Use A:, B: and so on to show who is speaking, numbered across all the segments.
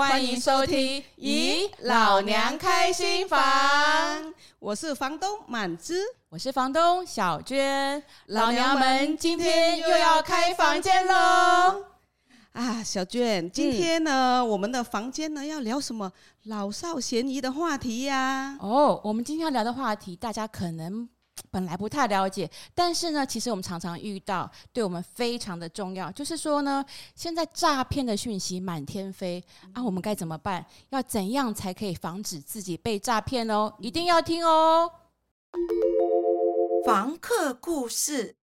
A: 歡迎收聽《咦，老娘開
B: 心
C: 房》，
B: 我是房東滿枝，我是房東小娟，
C: 老娘們今天又要開房間嘍！
B: 啊，小娟，今天呢，嗯、我們的房間呢要聊什麼老少咸宜的話題
A: 呀？哦，我們今天要聊的話題，大家可能，本來不太了解，但是呢，其實我們常常遇到，對我們非常的重要。就是說呢，現在詐騙的訊息滿天飛啊，我們該怎麼辦？要怎樣才可以防止自己被詐騙哦？一定要聽哦！房客故事。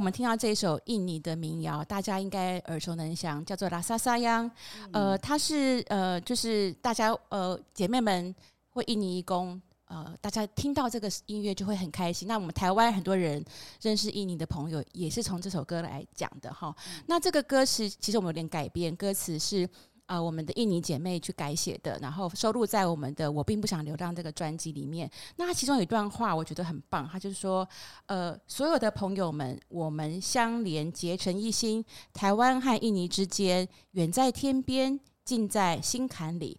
A: 我們聽到這首印尼的民謠，大家應該耳熟能詳，叫做《拉薩沙央》。嗯、呃，它是呃，就是大家呃，姐妹們或印尼移工呃，大家聽到這個音樂就會很開心。那我們台灣很多人認識印尼的朋友，也是從這首歌來講的哈。嗯、那這個歌詞其實我們有點改編，歌詞是。呃，我們的印尼姐妹去改寫的，然後收錄在我們的《我並不想流浪》這個專輯裡面。那其中有一段話，我覺得很棒，他就是說：“呃，所有的朋友們，我們相連，結成一心。台灣和印尼之間，遠在天邊，近在心坎裡。”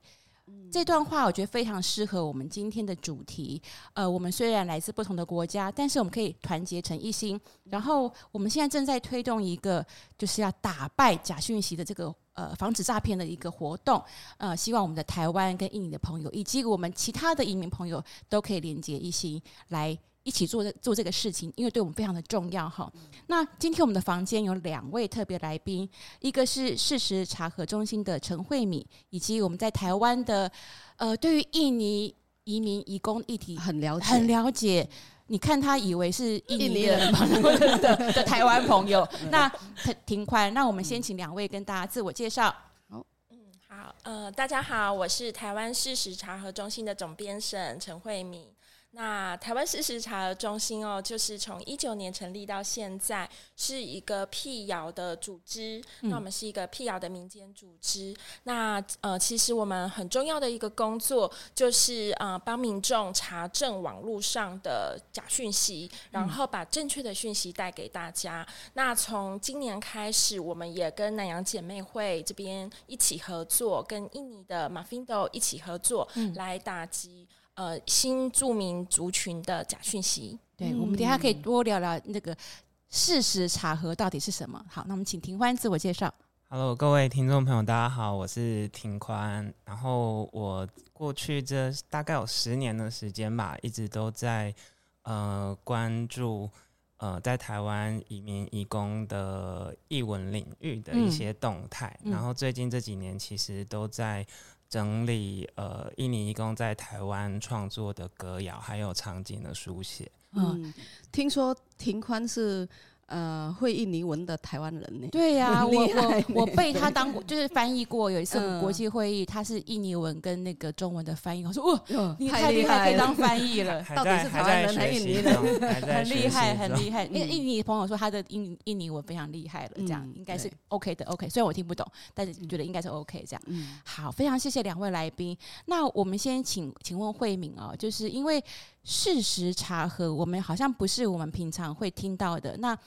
A: 嗯，這段話我覺得非常適合我們今天的主題。呃，我們雖然來自不同的國家，但是我們可以團結成一心。然後，我們現在正在推動一個，就是要打敗假訊息的這個。呃，防止詐騙的一個活動，呃，希望我們的台灣跟印尼的朋友，以及我們其他的移民朋友，都可以連結一心，來一起做這做這個事情，因為對我們非常的重要哈。那今天我們的房間有兩位特別來賓，一個是事實查核中心的陳慧敏，以及我們在台灣的，呃，對於印尼移民移工議題很了解，很了解。你看他以為是印尼人的台灣朋友 那、那庭寬，那我們先請兩位跟大家自我介紹。好，嗯，好，
D: 呃，大家好，我是台灣事實查核中心的總編審陳慧敏。那台灣事實查核中心哦，就是從一九年成立到現在，是一個闢謠的組織。嗯、那我們是一個闢謠的民間組織。那呃，其實我們很重要的一個工作，就是啊，幫、呃、民眾查證網絡上的假訊息，然後把正確的訊息帶給大家。嗯、那從今年開始，我們也跟南洋姐妹會這邊一起合作，跟印尼的 MAFINDO 一起合作，嗯、來打擊。
A: 呃，新住民族群的假訊息，對，我們等一下可以多聊聊那個事實查核到底是什麼。好，那我們請庭寬自我介紹。
E: Hello，各位聽眾朋友，大家好，我是庭寬。然後我過去這大概有十年的時間吧，一直都在呃關注。呃，在台灣移民移工的藝文領域的一些動態，嗯、然後最近這幾年其實都在整理呃，印尼移工在台灣創作的歌謠，還有場景的書寫。嗯，
B: 聽說庭寬是？
A: 呃，會印尼文的台灣人呢？對呀，我我我被他當過，就是翻譯過。有一次國際會議，他是印尼文跟那個中文的翻譯，我說哇，你太厲害，可以當翻譯了，到底是台灣人還是印尼人？很厲害，很厲害。那個印尼朋友說他的印印尼文非常厲害了，這樣應該是 OK 的，OK。雖然我聽不懂，但是覺得應該是 OK。這樣，好，非常謝謝兩位來賓。那我們先請，請問慧敏哦，就是因為事實查核，我們好像不是我們平常會聽到的，那。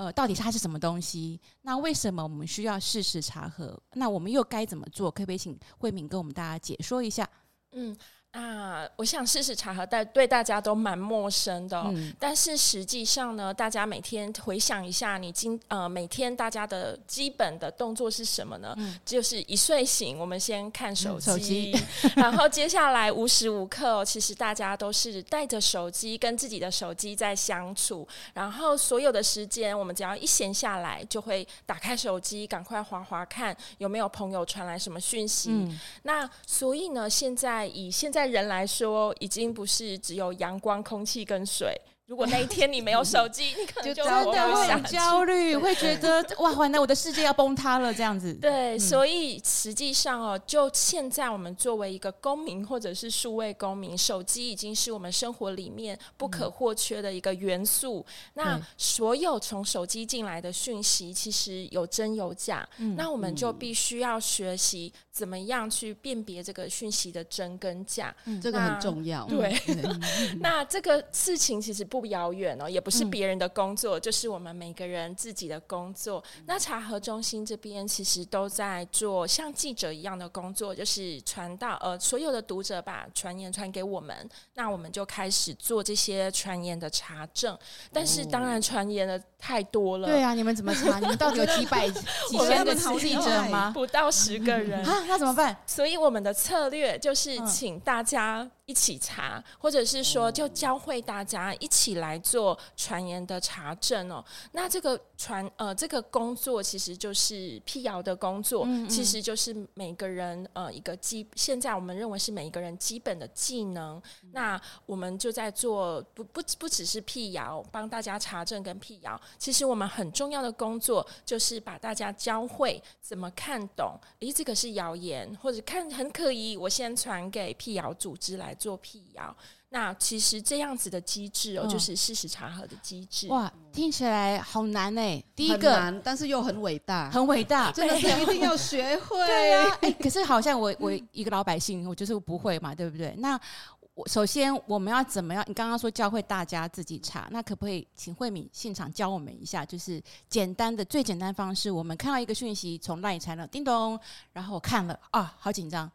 A: 呃，到底它是什麼東西？那為什麼我們需要事實查核？那我們又該怎麼做？可不可以請慧敏跟我們大家解說一下？
D: 嗯。啊，我想事實查核帶。對，大家都蠻陌生的、哦。嗯、但是實際上呢，大家每天回想一下你，你今呃每天大家的基本的動作是什麼呢？嗯、就是一睡醒，我們先看手機，嗯、手機 然後接下來無時無刻、哦，其實大家都是帶着手機跟自己的手機在相處。然後所有的時間，我們只要一閒下來，就會打開手機，趕快滑滑看有沒有朋友傳來什麼訊息。嗯、那所以呢，現在以現在。在人來說，已經不是只有陽光、空氣跟水。如果那一天你沒有手機，欸、你可能就會想就真的會很焦慮，對會覺
A: 得哇，原來我的世界要崩塌了這樣子。對，嗯、所以
D: 實際上哦，就現在我們作為一個公民或者是數位公民，手機已經是我們生活裡面不可或缺的一個元素。嗯、那所有從手機進來的訊息，其實有真有假。嗯、那我們就必須要學習怎麼樣去辨別這個訊息的真跟假。嗯、那這個很重要。對，對 那這個事情其實不。不遙遠哦，也不是別人的工作，嗯、就是我們每個人自己的工作。嗯、那查核中心這邊其實都在做像記者一樣的工作，就是傳到呃，所有的讀者把傳言傳給我們，那我們就開始做這些傳言的查證。哦、但是當然傳言的太多了，對啊，你們怎麼查？你們到底有百 幾百幾千個記者嗎？不到十個人 啊，那怎麼辦？所以我們的策略就是請大家、嗯。一起查，或者是說就教會大家一起來做傳言的查證哦。那這個傳呃，這個工作其實就是闢謠的工作，嗯嗯，其實就是每個人呃一個基。現在我們認為是每一個人基本的技能。嗯、那我們就在做不不不只是闢謠，幫大家查證跟闢謠。其實我們很重要的工作就是把大家教會怎麼看懂。咦、嗯，這個是謠言，或者看很可疑，我先傳給闢謠組織來。做闢謠，那其實這樣子的機制哦，嗯、就是事實查核的機制。哇，嗯、
A: 聽起來好難呢。第一個，難但是又很偉大，很偉大，真的是一定要學會。對啊，哎、可是好像我我一個老百姓，我就是不會嘛，對不對？那我首先我們要怎麼樣？你剛剛說教會大家自己查，那可不可以請慧敏現場教我們一下？就是簡單的最簡單方式，我們看到一個訊息從 LINE 來了，叮咚，然後我看了啊，好緊張。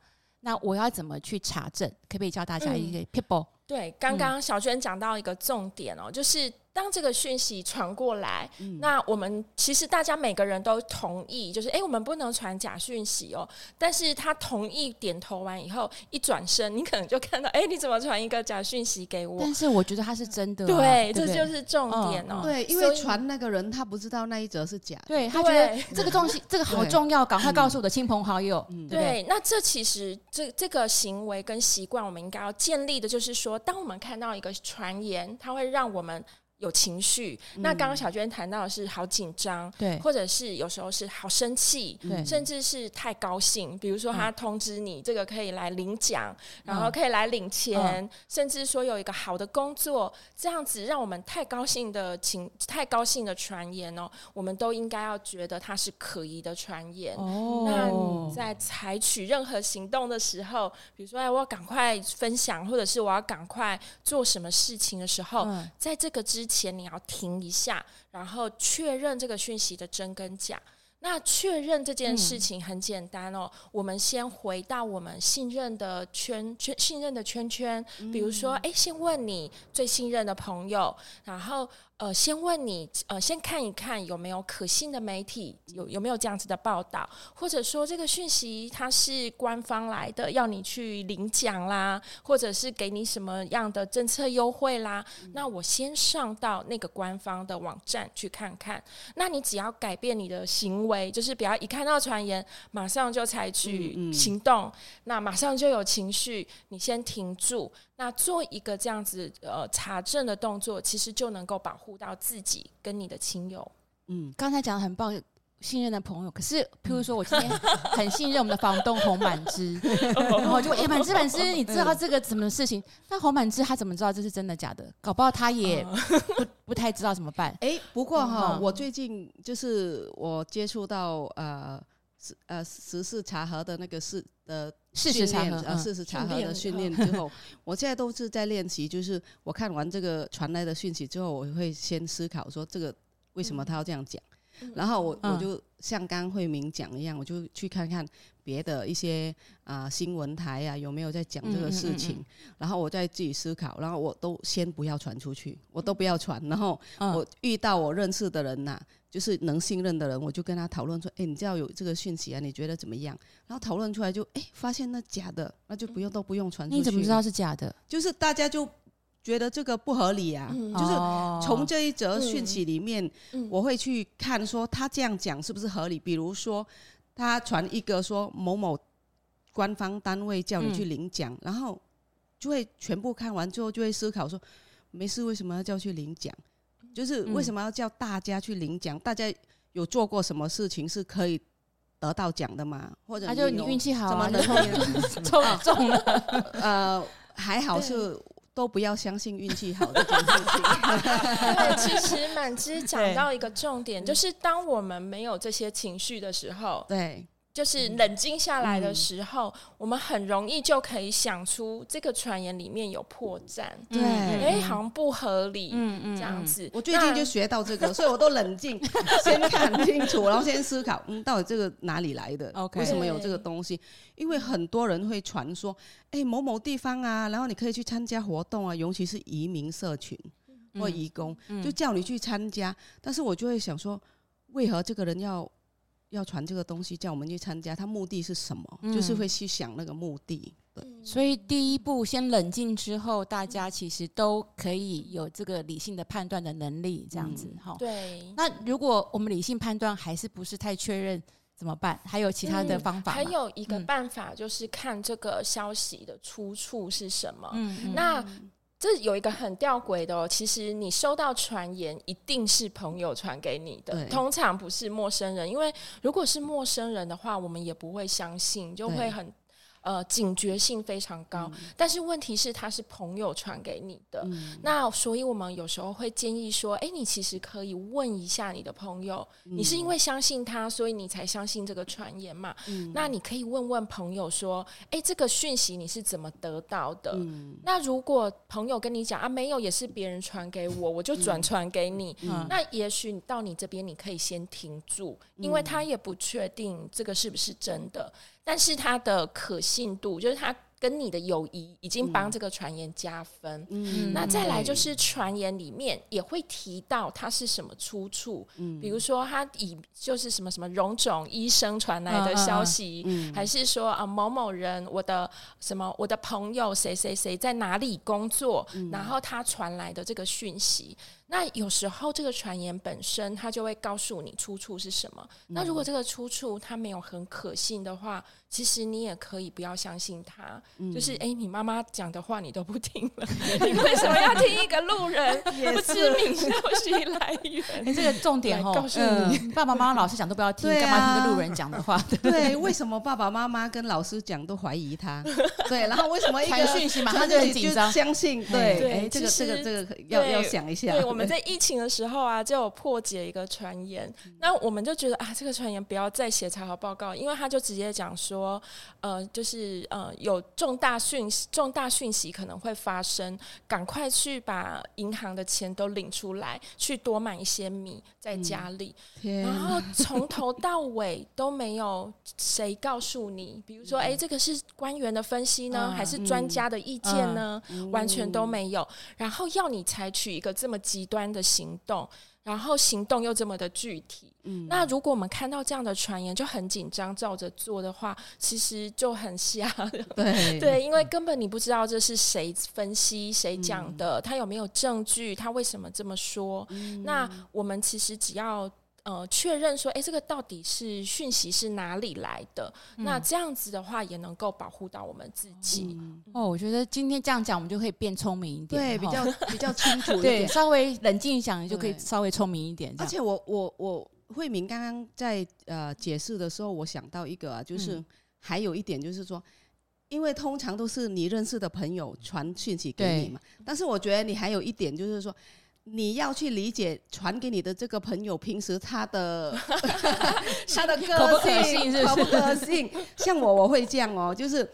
A: 那我要怎麼去查證？可不可以教大家一個撇步？
D: 對，剛剛小娟講到一個重點哦，嗯、就是當這個訊息傳過來，嗯、那我們其實大家每個人都同意，就是哎，我們不能傳假訊息哦。但是他同意點頭完以後，一轉身，你可能就看到，哎，你怎麼傳一個假訊息給我？但是
A: 我覺得他是真的、啊，對，對對這就是重點哦、嗯。對，因為傳那個人他不知道那一則是假的，對，他覺得這個東西、嗯、這個好重要，趕快告訴我的親朋好友。嗯、對,對,對，
D: 那這其實這這個行為跟習慣，我們應該要建立的，就是說。當我們看到一個傳言，它會讓我們。有情緒，那剛剛小娟談到的是好緊張，嗯、對，或者是有時候是好生氣，對，甚至是太高興。比如說他通知你、嗯、這個可以來領獎，嗯、然後可以來領錢，嗯、甚至說有一個好的工作，嗯、這樣子讓我們太高興的情，太高興的傳言哦，我們都應該要覺得它是可疑的傳言。哦、那你在採取任何行動的時候，比如說哎，我要趕快分享，或者是我要趕快做什麼事情的時候，嗯、在這個之中之前，你要停一下，然後確認這個訊息的真跟假。那確認這件事情很簡單哦，嗯、我們先回到我們信任的圈圈，信任的圈圈，嗯、比如說，哎，先問你最信任的朋友，然後。呃，先問你，呃，先看一看有沒有可信的媒體，有有沒有這樣子的報道，或者說這個訊息它是官方來的，要你去領獎啦，或者是給你什麼樣的政策優惠啦？嗯、那我先上到那個官方的網站去看看。那你只要改變你的行為，就是不要一看到傳言馬上就採取行動，嗯嗯，那馬上就有情緒，你先停住。那做一個這樣子呃查證的動作，其實就能夠保護到自己跟你的
A: 親友。嗯，剛才講的很棒，信任的朋友。可是，嗯、譬如說我今天很， 很信任我們的房東洪滿之， 然後就哎滿、欸、之滿之，你知道這個什麼事情？那、嗯、洪滿之他怎麼知道這是真的假的？搞不好他也不 不太知道怎麼辦。哎、欸，不過哈、哦，嗯嗯我
B: 最近就是我接觸到呃。呃，事實查核的那個是的呃，訓練事實查核的訓練之後，嗯、 我現在都是在練習，就是我看完這個傳來的訊息之後，我會先思考說這個為什麼他要這樣講，嗯、然後我、嗯、我就像剛慧敏講一樣，我就去看看別的一些啊、呃、新聞台呀、啊、有沒有在講這個事情，嗯嗯嗯嗯然後我再自己思考，然後我都先不要傳出去，我都不要傳，然後我遇到我認識的人吶、啊。就是能信任的人，我就跟他討論說：“誒、欸，你知道有這個訊息啊，你覺得怎麼樣？”然後討論出來就哎、欸，發現那假的，那就不用都不用傳出去、嗯、你怎麼知道是假的？就是大家就覺得這個不合理啊。嗯、就是從這一則訊息裡面，哦嗯、我會去看說他這樣講是不是合理。嗯、比如說他傳一個說某某官方單位叫你去領獎，嗯、然後就會全部看完，之後就會思考說：沒事，為什麼要叫去領獎？就是為什麼要叫大家去領獎？嗯、大家有做過什麼事情是可以得到獎的嗎？或者他、啊、就你運氣好嗎、啊？你抽中了？呃，還好是都不要相信運氣好
A: 這件事情，對。 對，其
D: 實滿之講到一個重點，對就是當我們沒有這些情緒的時候，對。就是冷靜下來的時候，嗯、我們很容易就可以想出這個傳言裡面有破綻，嗯、對，因為好像不合理，嗯嗯，這樣子。我
B: 最近就學到這個，那所以我都冷靜， 先看清楚，然後先思考，嗯，到底這個哪裡來的？Okay. 為什麼有這個東西？因為很多人會傳說，哎、欸，某某地方啊，然後你可以去參加活動啊，尤其是移民社群或者移工，嗯、就叫你去參加，嗯、但是我就會想說，為何這個人要？要傳這個東西叫我們去參加，他目的
A: 是什麼？嗯、就是會去想那個目的。對。所以第一步先冷靜之後，大家其實都可以有這個理性的判斷的能力，這樣子哈、嗯。對。那如果我們理性判斷還是不是太確認怎麼辦？還有其他的方法、嗯？還有一個
D: 辦法就是看這個消息的出處是什麼。嗯。那。嗯這有一個很吊詭的哦，其實你收到傳言一定是朋友傳給你的，對通常不是陌生人，因為如果是陌生人的話，我們也不會相信，就會很。呃，警覺性非常高，嗯、但是問題是他是朋友傳給你的，嗯、那所以我們有時候會建議說，哎、欸，你其實可以問一下你的朋友，嗯、你是因為相信他，所以你才相信這個傳言嘛？嗯、那你可以問問朋友說，哎、欸，這個訊息你是怎麼得到的？嗯、那如果朋友跟你講啊，沒有也是別人傳給我，我就轉傳給你，嗯、那也許到你這邊你可以先停住，嗯、因為他也不確定這個是不是真的。但是他的可信度，就是他跟你的友誼已經幫這個傳言加分。嗯、那再來就是傳言裡面也會提到他是什麼出處，嗯、比如說他以就是什麼什麼榮總醫生傳來的消息，啊啊還是說啊某某人我的什麼我的朋友誰誰誰在哪裡工作，嗯、然後他傳來的這個訊息。那有時候這個傳言本身，它就會告訴你出處是什麼。那如果這個出處他沒有很可信的話，其實你也可以不要相信他。就是哎，你媽媽講的話你都不聽
A: 了，
D: 你為什麼要聽一個路人也不知名消息來
C: 源？哎，這個重點哦，告訴你，
A: 爸爸媽媽老師講都不要聽，幹嘛聽個路人講的話？對，為什麼爸
B: 爸媽媽跟老師講都懷疑他？對，然後為什麼一個訊息馬上就很緊張相信？對，哎，這個這個這個要要想一下。我們在
D: 疫情的時候啊，就有破解一個傳言，嗯、那我們就覺得啊，這個傳言不要再寫查核報告，因為他就直接講說，呃，就是呃，有重大訊息，重大訊息可能會發生，趕快去把銀行的錢都領出來，去多買一些米在家裡，嗯、然後從頭到尾都沒有誰告訴你，嗯、比如說，哎、欸，這個是官員的分析呢，嗯、還是專家的意見呢？嗯、完全都沒有，然後要你採取一個這麼急。端、嗯、的行動，然後行動又這麼的具體，嗯、那如果我們看到這樣的傳言就很緊張照着做的話，其實就很瞎，對對，對嗯、因為根本你不知道這是誰分析誰講的，嗯、他有沒有證據，他為什麼這麼說？嗯、那我們其實只要。呃，確認說，哎、欸，這個到底是訊息是哪裡來的？嗯、那這樣子的話，也能夠保護到我們自己。嗯嗯、
A: 哦，我覺得今天這樣講，我們就可以變聰明一點，對，比較比較清楚一點， 對稍微冷靜一下，你就可以稍微聰明一點。而且
B: 我，我我我慧敏剛剛在呃解釋的時候，我想到一個，啊，就是還有一點，就是說，嗯、因為通常都是你認識的朋友傳訊息給你嘛，對但是我覺得你還有一點，就是說。你要去理解傳給你的這個朋友平時他的 他的個性， 可不可信，像我我會這樣哦，就是，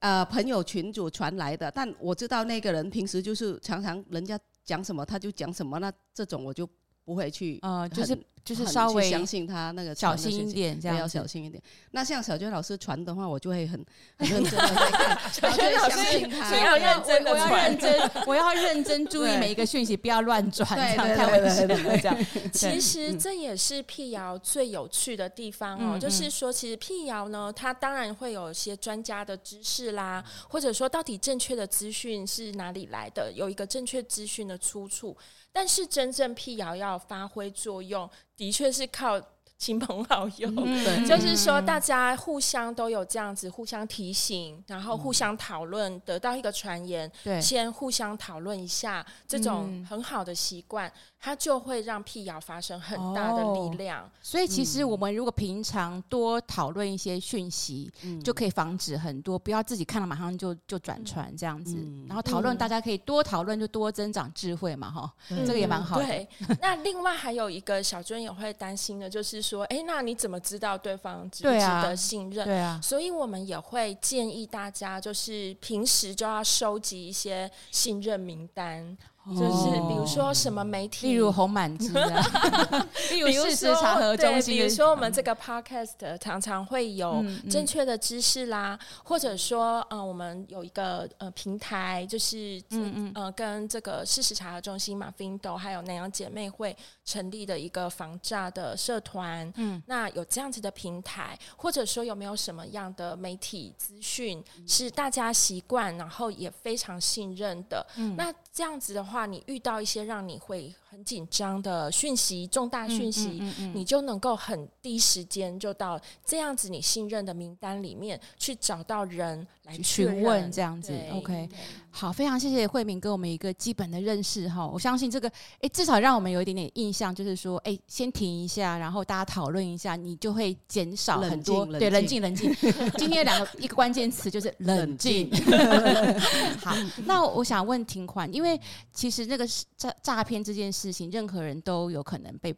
B: 呃，朋友群組傳來的，但我知道那個人平時就是常常人家講什麼他就講什麼，那這種我就不會去啊、呃，就是。就是稍微相信他那個小心一點，這樣要小心一點。那像小娟老師傳的話，我就會很，很認真的在
A: 小娟老師,老師要認真的我,我要認真， 我要認真注意每一個訊息， 不要亂轉， 對對對對對，這樣其實
D: 這也是闢謠最有趣的地方哦、喔， 就是說，其實闢謠呢，它當然會有一些專家的知識啦，或者說到底正確的資訊是哪裡來的，有一個正確資訊的出處。但是真正闢謠要發揮作用。的確是靠。親朋好友，嗯、就是說大家互相都有這樣子，互相提醒，然後互相討論，嗯、得到一個傳言，對先互相討論一下，這種很好的習慣，嗯、它就會讓闢謠發生很大的力量、哦。所以其實
A: 我們如果平常多討論一些訊息，嗯、就可以防止很多，不要自己看了馬上就就轉傳這樣子。嗯、然後討論，大家可以多討論，就多增長智慧嘛，哈、嗯，這個也蠻好、嗯。對。
D: 那另外還有一個小尊也會擔心的，就是。說，哎，那你怎麼知道對方值不值得信任？對啊，對啊。所以我們也會建議大家，就是平時就要收集一些信任名單。就是比如說什麼媒體，例如紅滿枝啊， 例如事實查核中心。 比，如比如說我們這個 podcast 常常會有正確的知識啦，嗯嗯、或者說，嗯、呃，我們有一個呃平台，就是嗯嗯、呃、跟這個事實查核中心嘛，FINDO，還有南洋姐妹會成立的一個防詐的社團。嗯，那有這樣子的平台，或者說有沒有什麼樣的媒體資訊、嗯、是大家習慣，然後也非常信任的？嗯，那。這樣子的話，你遇到一些讓你會很緊張的訊息，重大訊息，嗯嗯嗯、你就能夠很第一時間就到這樣子你信任的名單
A: 裡面去找到人來詢問這樣子。OK，好，非常謝謝慧敏給我們一個基本的認識哈。我相信這個，哎、欸，至少讓我們有一點點印象，就是說，哎、欸，先停一下，然後大家討論一下，你就會減少很多。對，對，冷靜，冷靜。今天兩個一個關鍵詞就是冷靜。冷好，那我想問庭寬，因為其實這個詐詐騙這件事。事情，任何人都有可能被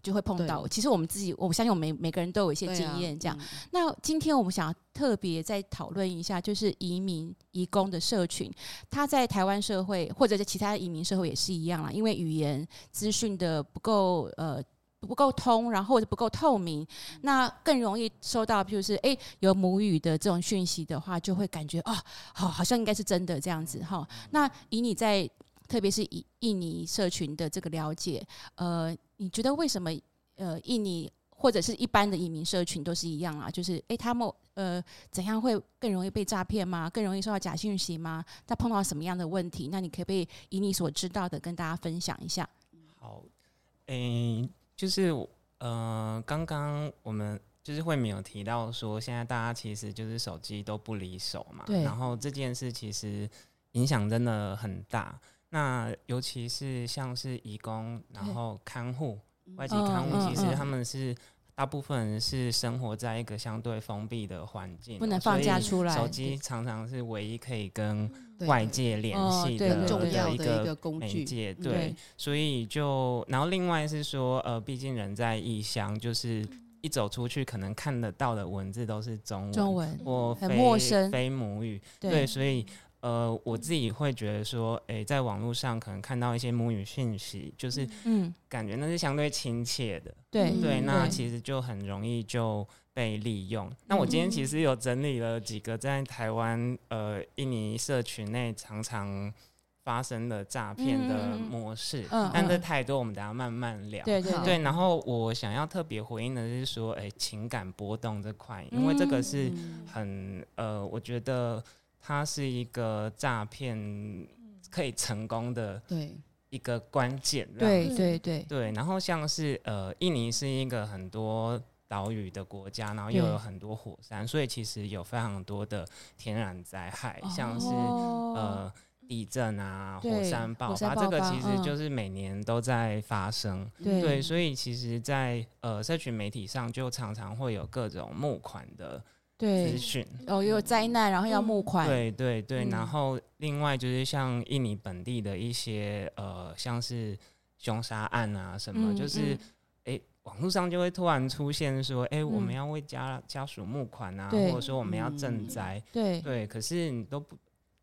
A: 就會碰到。對其實我們自己，我相信我們每，每個人都有一些經驗。這樣，啊嗯、那今天我們想要特別再討論一下，就是移民、移工的社群，他在台灣社會，或者在其他移民社會也是一樣啊，因為語言資訊的不夠，呃，不夠通，然後或者不夠透明，那更容易收到，譬如是誒，有母語的這種訊息的話，就會感覺啊、哦，好，好像應該是真的這樣子。哈、哦，那以你在，特別是印印尼社群的這個了解，呃，你覺得為什麼呃印尼或者是一般的移民社群都是一樣啊？就是哎，他、欸、們呃怎樣會更容易被詐騙嗎？更容易收到假信息嗎？在碰到什麼樣的問題？那你可不可以以你所知道的跟大家分享一下。好，
E: 誒、欸，就是呃，剛剛我們就是慧敏有提到說，現在大家其實就是手機都不離手嘛，對然後這件事其實影響真的很大。那尤其是像是移工，然後看護、對外籍看護，其實他們是、嗯、大部分是生活在一個相對封閉的環境，喔，不能放假出來，手機常常是唯一可以跟外界聯繫的重要的一個媒介對，對對，所以就，然後另外是說，呃，畢竟人在異鄉，就是一走出去，可能看得到的文字都是中文，中文或非很陌生非母語。對，對，所以。呃，我自己會覺得說，哎、欸，在網絡上可能看到一些母語訊息，就是，嗯，感覺那是相對親切的，嗯、對、嗯、對那其實就很容易就被利用。嗯、那我今天其實有整理了幾個在台灣呃印尼社群內常常發生的詐騙的模式，嗯嗯嗯、但這太多，我們等下慢慢聊。嗯嗯、對對對對，然後我想要特別回應的是說，哎、欸，情感波動這塊，因為這個是很呃，我覺得。它是一個詐騙可以成功的一個關鍵，對對對，然後像是呃，印尼是一個很多島嶼的國家，然後又有很多火山，對 所以其實有非常多的天然災害，對 像是呃地震啊、火山爆發，爆發這個其實就是每年都在發生。嗯、對，所以其實在，在呃，社群媒體上就常常會有各種募款的。資訊
A: 對訊哦，有災難，然後要募款。嗯、對
E: 對對，嗯、然後另外就是像印尼本地的一些呃，像是兇殺案啊什麼，嗯嗯就是誒、欸，網絡上就會突然出現說，哎、欸，我們要為家、嗯、家屬募款啊，對或者說我們要賑災。對、嗯、對，可是你都不。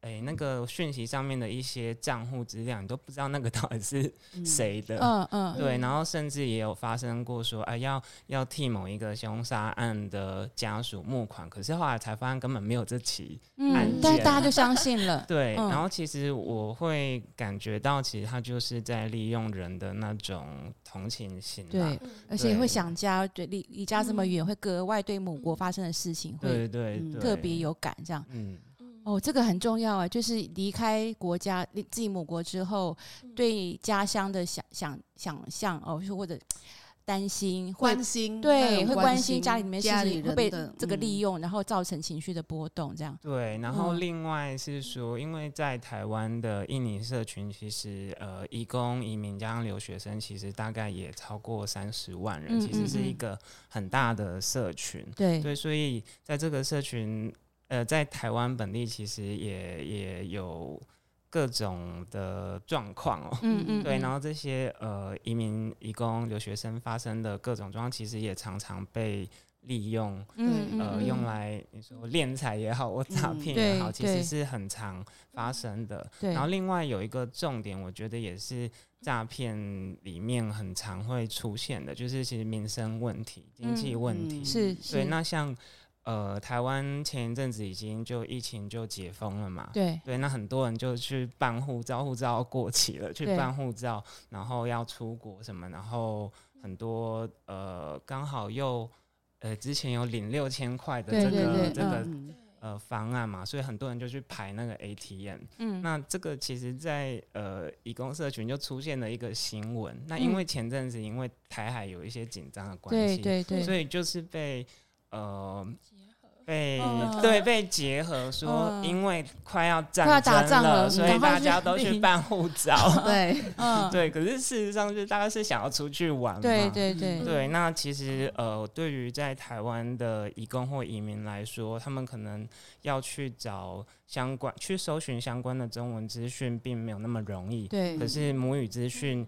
E: 哎，那個訊息上面的一些賬戶資料，你都不知道那個到底是誰的？嗯嗯，嗯對。嗯、然後甚至也有發生過說，哎，要要替某一個凶殺案的家屬募款，可是後來才發現根本沒有這起案件，嗯、但是，大家就相信了。 對。嗯、然後其實我會感覺到，其實他就是在利用人的那種同情心。對，而且會
A: 想家，對，離離家這麼遠，會格外對母國發生的事情會，會、嗯、對對，對特別有感，這樣。嗯。哦，這個很重要啊！就是離開國家、自己母國之後，對家鄉的想想想象，哦，或者擔心、會關心，對，會關心家裡面事情會被這個利用，然後造成情緒的波動，這樣。對，然後
E: 另外是說，因為在台灣的印尼社群，其實呃，移工、移民加上留學生，其實大概也超過三十萬人，嗯嗯嗯，其實是一個很大的社群。對對，所以在這個社群。呃，在台灣本地其實也也有各種的狀況哦，嗯嗯，嗯對，然後這些呃移民、移工、留學生發生的各種狀況，其實也常常被利用，嗯呃，嗯嗯用來你說斂財也好，我詐騙也好，嗯、其實是很常發生的。對然後另外有一個重點，我覺得也是詐騙裡面很常會出現的，就是其實民生問題、經濟問題，嗯嗯、是，是對，那像。呃，台灣前一陣子已經就疫情就解封了嘛？對對，那很多人就去辦護照，護照過期了，去辦護照，對然後要出國什麼，然後很多呃，剛好又呃之前有領六千塊的這個對對對這個、嗯、呃方案嘛，所以很多人就去排那個 ATM。嗯，那這個其實在，在呃，移工社群就出現了一個新聞。嗯、那因為前陣子因為台海有一些緊張的關係，對，對對，所以就是被。呃，被、哦、對被結合說，哦、因為快要戰爭了，了所以大家都去辦護照。剛剛 對，嗯， 對。可是事實上，是大家是想要出去玩嘛對。對對對對。那其實，呃，對於在台灣的移工或移民來說，他們可能要去找相關、去搜尋相關的中文資訊，並沒有那麼容易。對，可是母語資訊、嗯。.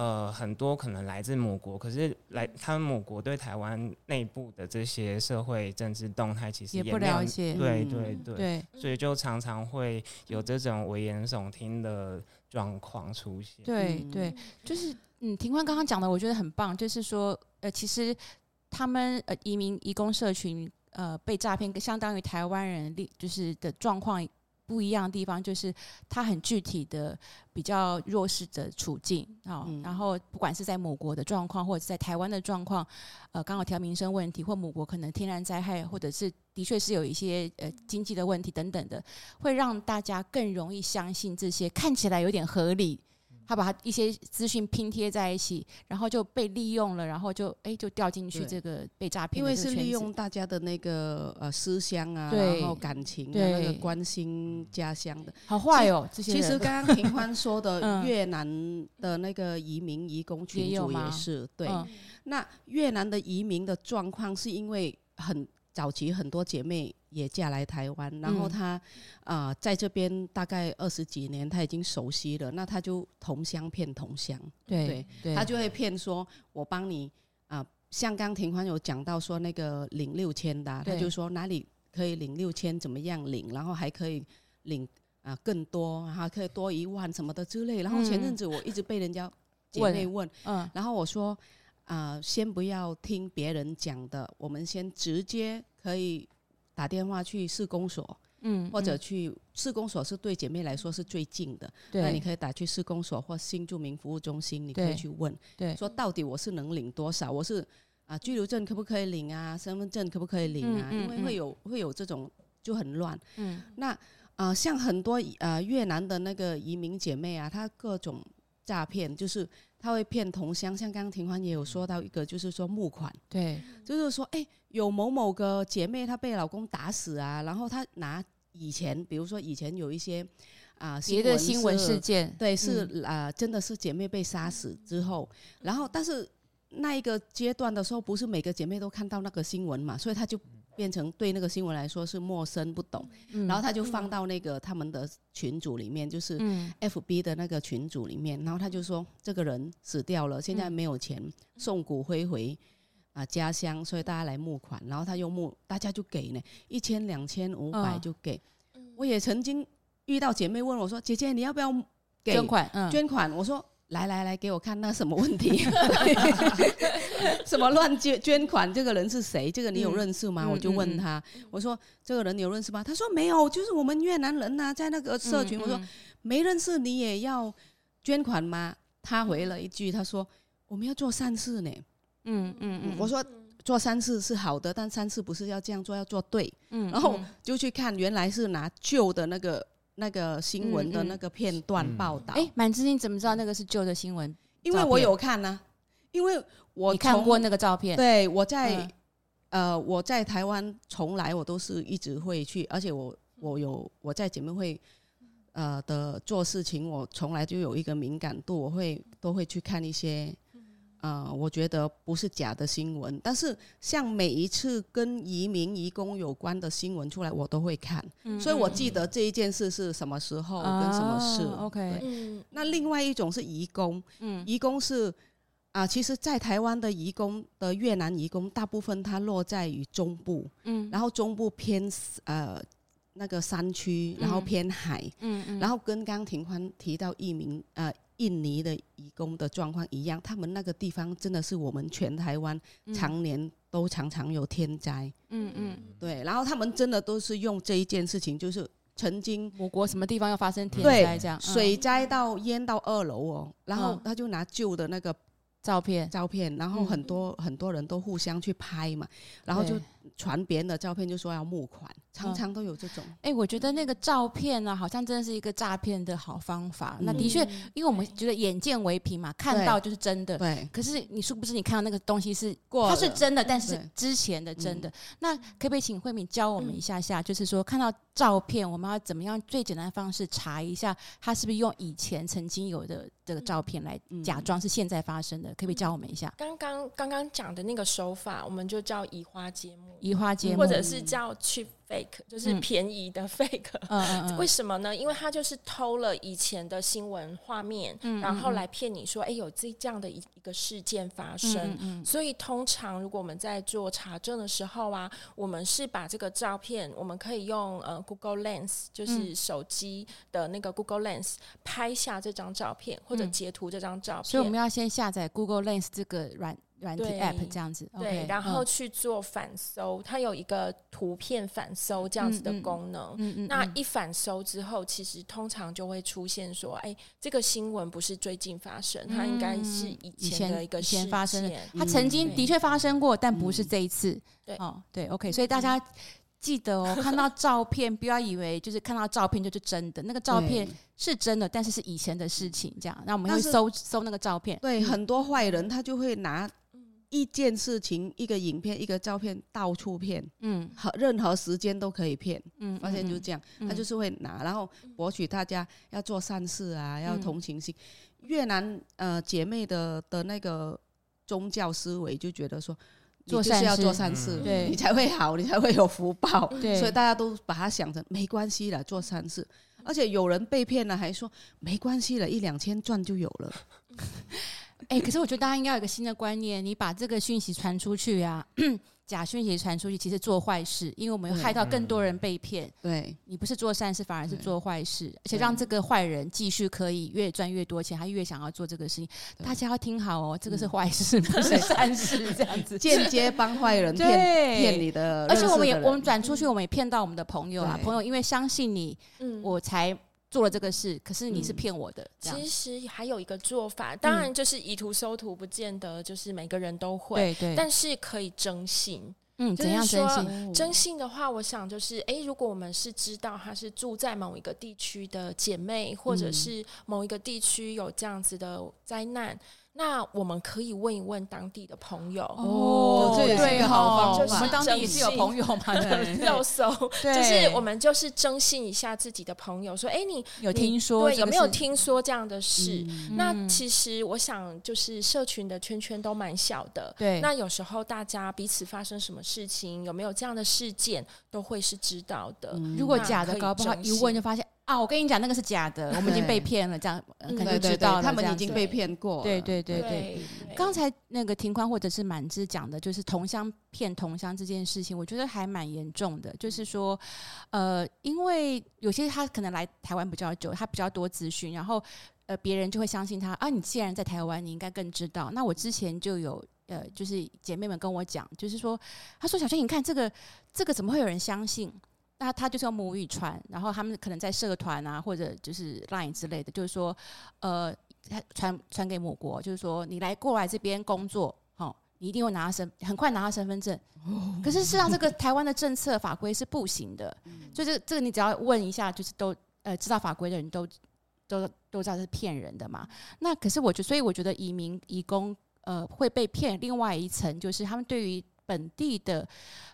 E: 呃，很多可能來自母國，可是來他們母國對台灣內部的這些社會政治動態其實也，也不了解，對對對，嗯、所以就常常會有這種危言聳聽的狀況出現。嗯、對對，
A: 就是嗯，庭寬剛剛講的，我覺得很棒，就是說，呃，其實他們呃移民移工社群呃被詐騙，相當於台灣人就是的狀況。不一樣的地方就是，它很具體的比較弱勢的處境啊，然後不管是在母國的狀況，或者是在台灣的狀況，呃，剛好調民生問題，或母國可能天然災害，或者是的確是有一些呃經濟的問題等等的，會讓大家更容易相信這些看起來有點合理。他把一些資訊拼貼在一起，然後就被利用了，然後就誒、欸、就掉進去這個被詐騙，因為是利用
B: 大家的那個呃思鄉啊，對然後感情的對那個關心家鄉的，對實好壞哦。這些其實剛剛庭寬說的 越南的那個移民移工群主也是也對，嗯、那越南的移民的狀況是因為很早期很多姐妹，也嫁來台灣，然後他啊、嗯呃，在這邊大概二十幾年，他已經熟悉了。那他就同鄉騙同鄉，對，對他就會騙說：“我幫你啊。呃”像剛庭寬有講到說那個領六千的，對他就說哪裡可以領六千，怎麼樣領，然後還可以領啊、呃、更多，還可以多一萬什麼的之類。然後前陣子我一直被人家姐妹問，嗯問嗯、然後我說啊、呃，先不要聽別人講的，我們先直接可以。打電話去市公所，嗯，或者去市公所是對姐妹來說是最近的。對那你可以打去市公所或新住民服務中心，你可以去問，對說到底我是能領多少？我是啊、居留證可不可以領啊？身份證可不可以領啊？嗯、因為會有、嗯、會有這種就很亂。嗯，那啊、呃，像很多呃越南的那個移民姐妹啊，她各種詐騙就是。他會騙同鄉，像剛剛庭寬也有說到一個，就是說募款，對，就是說，哎、欸，有某某個姐妹她被老公打死啊，然後她拿以前，比如說以前有一些啊，別、呃、的新聞事件，對，是啊、呃，真的是姐妹被殺死之後，嗯、然後但是那一個階段的時候，不是每個姐妹都看到那個新聞嘛，所以她就。變成對那個新聞來說是陌生不懂，嗯、
A: 然後他就放
B: 到那個他們的群組裡面，嗯、就是 FB 的那個群組裡面，嗯、然後他就說這個人死掉了，嗯、現在沒有錢送骨灰回啊家鄉，所以大家來募款，然後他又募大家就給呢，一千兩千五百就給。嗯、我也曾經遇到姐妹問我說：“姐姐，你要不要捐款？捐、嗯、款？”我說。來來來，給我看那什麼問題？ 什麼亂捐捐款？這個人是誰？這個你有認識嗎？嗯嗯嗯、我就問他，我說這個人你有認識嗎？他說沒有，就是我們越南人吶、啊，在那個社群。嗯嗯、我說沒認識，你也要捐款嗎？他回了一句，他說我們要做善事呢。嗯嗯，嗯，
C: 嗯，我說
B: 做善事是好的，但善事不是要這樣做，要做對。嗯嗯、然後就去看，原來是拿舊的那個。那個新聞的那個片段報道、嗯，哎、嗯，滿資金怎麼知道那個是舊的新聞？因為我有看呢、啊，因為我看過那個照片。對，我在呃，呃，我在台灣從來我都是一直會去，而且我我有我在姐妹會呃的做事情，我從來就有一個敏感度，我會都會去看一些。呃我覺得不是假的新聞，但是像每一次跟移民、移工有關的新聞出來，我都會看，嗯、所以我記得這一件事是什麼時候跟什麼事。OK，那另外一種是移工，嗯、移工是啊、呃，其實在台灣的移工的越南移工，大部分它落在於中部，嗯、然後中部偏呃那個山區，嗯、然後偏海，嗯嗯然後跟剛庭寬提到移民呃。印尼的移工的狀況一樣，他們那個地方真的是我們全台灣常年都常常有天災。嗯嗯，對。然後他們真的都是用這一件事情，就是曾經我國什麼地方要發生天災這樣，對嗯、水災到淹到二樓哦、喔，然後他就拿舊的那個。照片，照片，然後很多很多人都互相去拍嘛，然後就傳別人的照片，就說要募款，常常都有這種。
A: 哎，我覺得那個照片呢，好像真的是一個詐騙的好方法。那的確，因為我們覺得眼見為憑嘛，看到就是真的。對。可是你殊不知你看到那個東西是過？它是真的，但是是之前的真的。那可不可以請慧敏教我們一下下？就是說，看到照片，我們要怎麼樣最簡單的方式查一下，他是不是用以前曾經有的這個照片來假裝是現在發生的？可不可以教我們一下？嗯，
D: 剛剛剛剛講的那個手法，我們就叫移花接木，移花接木，嗯，或者是叫去。fake 就是便宜的 fake，嗯嗯嗯、為什麼呢？因為他就是偷了以前的新聞畫面，嗯、然後來騙你說，哎、嗯欸，有這樣的一一個事件發生。嗯嗯、所以通常如果我們在做查證的時候啊，我們是把這個照片，我們可以用呃 Google Lens，就是手機的那個 Google Lens 拍下這張照片，嗯、或者截圖這張照片。所以我們
A: 要先下載 Google Lens 這個軟。軟體 App 這樣子，對，然後
D: 去做反搜，它有一個圖片反搜這樣子的功能。那一反搜之後，其實通常就會出現說，哎，這個新聞不是最近發生，它應該是以前的一個事情發生。它曾經的
A: 確發生過，但不是這一次。對，哦，對，OK，所以大家記得哦，看到照片不要以為就是看到照片就是真的，那個照片是真的，但是是以前的事情。這樣，那我們要搜搜那個照片。對，很多壞人他就會拿。
B: 一件事情，一個影片，一個照片，到處騙，嗯，好，任何時間都可以騙，
C: 嗯，發現就這
B: 樣，嗯、他就是會拿，然後博取大家要做善事啊，嗯、要同情心。越南呃姐妹的的那個宗教思維就覺得說，做善事就是要做善事，嗯、對你才會好，你才會有福報，對所以大家都把它想成沒關係了，做善事，而且有人被騙了還說沒關
A: 係了，一兩千賺就有了。嗯 誒、欸，可是我覺得大家應該有一個新的觀念，你把這個訊息傳出去啊，假訊息傳出去，其實做壞事，因為我們害到更多人被騙、嗯。對，你不是做善事，反而是做壞事，嗯、而且讓這個壞人繼續可以越賺越多錢，他越想要做這個事情。對大家要聽好哦，這個是壞事，嗯、不是善
E: 事，這樣子，間對接幫壞人騙騙對你的，的。而且我們也我們
A: 轉出去，我們，我們也騙到我們的朋友啊，對朋友因為相信你，嗯，我才。做了這個事，可是你是騙我的。嗯、其
D: 實還有一個做法，當然就是以圖搜圖，不見得、嗯、就是每個人都會。對對。但是可以徵信。嗯，就是說，怎樣徵信？徵信的話，我想就是，誒，如果我們是知道他是住在某一個地區的姐妹，或者是某一個地區有這樣子的災難。嗯那我們可以問一問當地的朋友哦，對，好，就是我們當地也是有朋友嘛，對，就是我們就是徵信一下自己的朋友，說哎，你有聽說？對，有沒有聽說這樣的事？那其實我想，就是社群的圈圈都蠻小的。對，那有時候大家彼此發生什麼事情，有沒有這樣的事件，都會是知道的。如果假的搞不好，一問就發
A: 現。啊，我跟你講，那個是假的，對我們已經被騙了，這樣、嗯、可能就知道他們已經被騙過對。對對對對，對對對對，剛才那個庭寬或者是滿枝講的，就是同鄉騙同鄉這件事情，我覺得還蠻嚴重的。就是說，呃，因為有些他可能來台灣比較久，他比較多資訊，然後呃，別人就會相信他啊。你既然在台灣，你應該更知道。那我之前就有呃，就是姐妹們跟我講，就是說，她說小娟，你看這個這個怎麼會有人相信？那他就是用母語傳，然後他們可能在社團啊，或者就是 Line 之類的，就是說，呃，傳傳給母國，就是說你來過來這邊工作，好、哦，你一定會拿到身，很快拿到身份證。嗯、可是事實上，這個台灣的政策法規是不行的，嗯、就是這個你只要問一下，就是都呃知道法規的人都都都知道是騙人的嘛。那可是我覺得，所以我覺得移民移工呃會被騙。另外一層就是他們對於本地的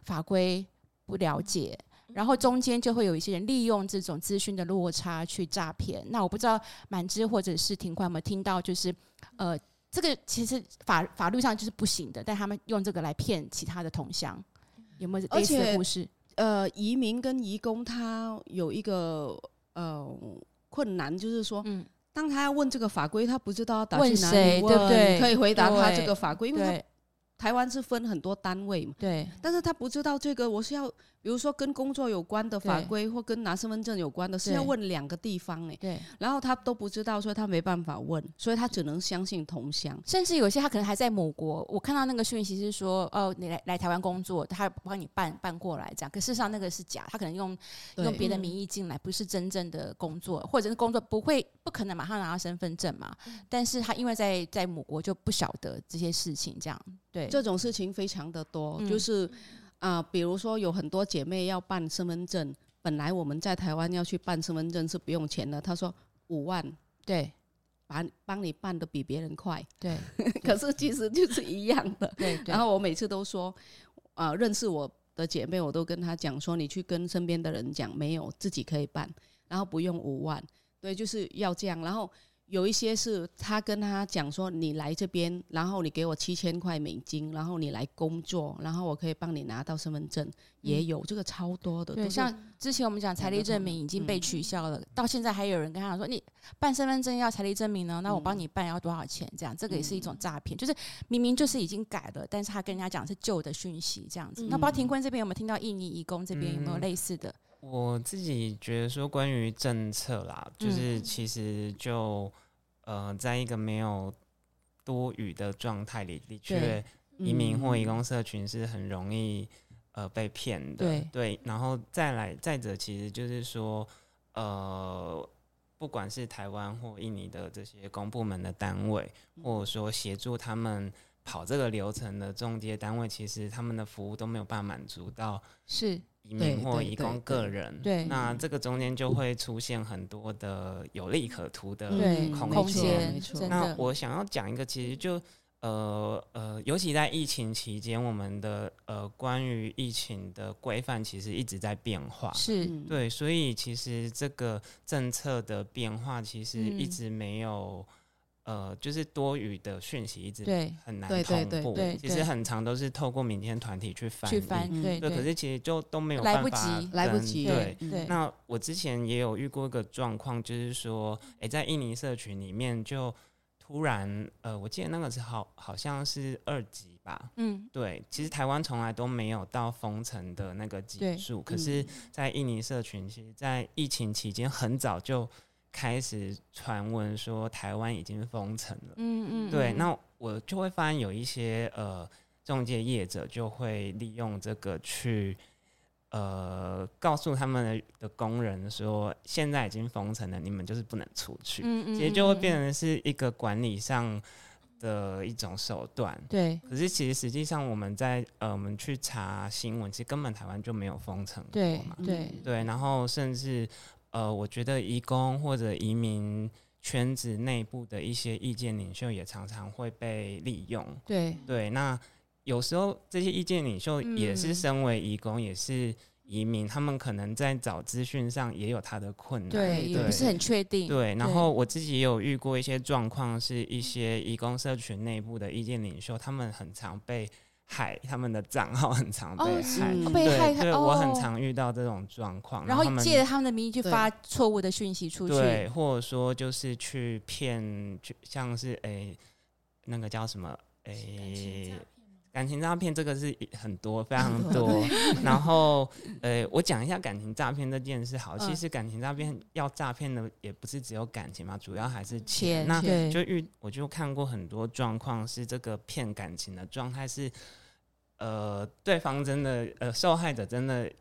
A: 法規不了解。嗯然後中間就會有一些人利用這種資訊的落差去詐騙。那我不知道慧敏或者是庭寬有沒有聽到，就是呃，這個其實法法律上就是不行的，但他們用這個來騙其他的同鄉，有沒有類似的故事？
B: 呃，移民跟移工他有一個呃困難，就是說，嗯、當他要問這個法規，他不知道要打去哪裡問誰，對不對？可以回答他這個法規，對因為他對台灣是分很多單位嘛。對，但是他不知道這個我是要。比如說跟工作有關的法規對，或跟拿身份證有關的，對是要問兩個地方哎、欸，對，然後他都不知道，所以他沒辦法問，所以他只能相信同鄉，
A: 甚至有些他可能還在母國。我看到那個訊息是說，哦，你來來台灣工作，他幫你辦辦過來這樣，可事實上那個是假，他可能用
E: 對用別的名
A: 義進來，不是真正的工作，嗯、或者是工作不會不可能馬上拿到身份證嘛？嗯、但是他因為在在母國就不曉得這些事情，這樣對這種事情非常的多，嗯、就是。啊、呃，比如說有很多姐妹要辦身份
B: 證，本來我們在台灣要去辦身份證是不用錢的，她說五萬，對，把幫你辦得比別人快，對，對可是其實就是一樣的， 對。對然後我每次都說，啊、呃，認識我的姐妹，我都跟她講說，你去跟身邊的人講，沒有自己可以辦，然後不用五萬，對，就是要這樣，然後。有一些是他跟他講說，你來這邊，然後你給我七千塊美金，然後你來工作，然後我可以幫你拿到身份證，也有、嗯、這個超多的。對，對，像
A: 之前我們講財力證明已經被取消了，嗯、到現在還有人跟他講說，你辦身份證要財力證明呢，那我幫你辦要多少錢？這樣、嗯、這個也是一種詐騙，就是明明就是已經改了，但是他跟人家講是舊的訊息這樣子。嗯、那包括庭寬這邊有沒有聽到印尼移工這邊，、嗯、這邊有沒有類似的？
E: 我自己覺得說，關於政策啦，就是其實就、嗯、呃，在一個沒有多餘的狀態裡，的確對移民或移工社群是很容易、嗯、呃被騙的。對，對，然後再來再者，其實就是說呃，不管是台灣或印尼的這些公部門的單位，或者說協助他們跑這個流程的中介單位，其實他們的服務都沒有辦法滿足到。是。移民或移工個人，對，那這個中間就會出現很多的有利可圖的空間。那我想要講一個，其實就呃呃，尤其在疫情期間，我們的呃關於疫情的規範其實一直在變化，是對，所以其實這個政策的變化其實一直沒有、嗯。呃，就是多餘的訊息一直很難同步，其實很長都是透過民間團體去反映，對。可是其實就都沒有辦法。來不及，來不及，對。那我之前也有遇過一個狀況，就是說，哎、欸，在印尼社群裡面，就突然呃，我記得那個時候好像是二級吧，嗯，對。其實台灣從來都沒有到封城的那個級數，對嗯、可是在印尼社群，其實在疫情期間很早就。開始傳聞說台灣已經封城了，嗯，嗯嗯，對，那我就會發現有一些呃中介業者就會利用這個去呃告訴他們的工人說，現在已經封城了，你們就是不能出去，嗯嗯，嗯，嗯嗯，其實就會變成是一個管理上的一種手段，對。可是其實實際上我們在呃我們去查新聞，其實根本台灣就沒有封城過嘛，對，對，對對，然後甚至。呃，我覺得移工或者移民圈子內部的一些意見領袖也常常會被利用。對對，那有時候這些意見領袖也是身為移工，嗯、也是移民，他們可能在找資訊上也有他的困難。對，對也不是很確定。對，然後我自己也有遇過一些狀況，是一些移工社群內部的意見領袖，他們很常被。害他們的賬號很常被害，我很常遇到這種狀況。然後，然後借着他們的
A: 名義去發錯誤對的訊息出去，對，
E: 或者說就是去騙，就像是誒、欸，那個叫什麼誒。欸感情詐騙這個是很多，非常多。 然後，呃，我講一下感情詐騙這件事。好，其實感情詐騙要詐騙的也不是只有感情嘛，主要還是錢。切那對就遇我就看過很多狀況，是這個騙感情的狀態是，呃，對方真的，呃，受害者真的。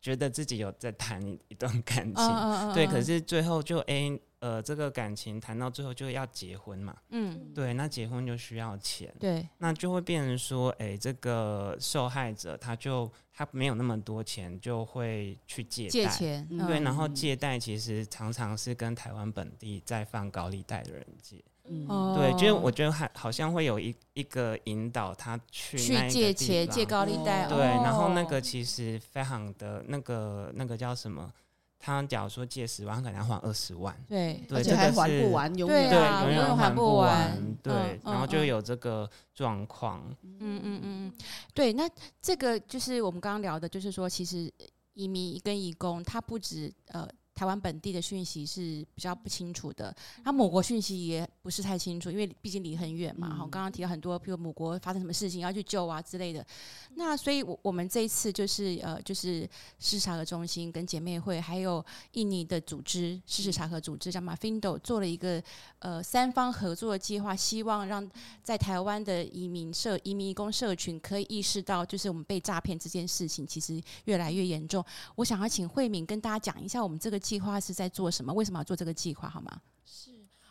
E: 覺得自己有在談一段感情，oh, oh, oh, oh, oh. 對，可是最後就哎、欸，呃，這個感情談到最後就要結婚嘛，嗯，對，那結婚就需要錢，對，那就會變成說，哎、欸，這個受害者他就他沒有那麼多錢，就會去借貸，嗯、對，然後借貸其實常常是跟台灣本地在放高利貸的人借。嗯、對，哦、就是我覺得還好像會有一一個引導他去去借錢、借對高利貸，哦、對，然後那個其實非常的那個那個叫什麼？他假如說借十萬，可能要還二十萬，對，而且還還不完，永遠對，對啊、永遠還不完，不完嗯、對，然後就有這個狀況。嗯
A: 嗯嗯，對，那這個就是我們剛剛聊的，就是說其實移民跟移工，他不止呃。台灣本地的訊息是比較不清楚的，然、啊、某母國訊息也不是太清楚，因為畢竟離很遠嘛。然剛剛提到很多，比如母國發生什麼事情要去救啊之類的。嗯、那所以，我我們這一次就是呃，就是查核中心跟姐妹會，還有印尼的組織，是查核組織叫 MAFINDO、嗯、做了一個呃三方合作的計劃，希望讓在台灣的移民社移民移工社群可以意識到，就是我們被詐騙這件事情其實越來越嚴重。我想要請慧敏跟大家講一下我們這個。計劃是在做什麼？為什麼要做這個計劃？好嗎？是，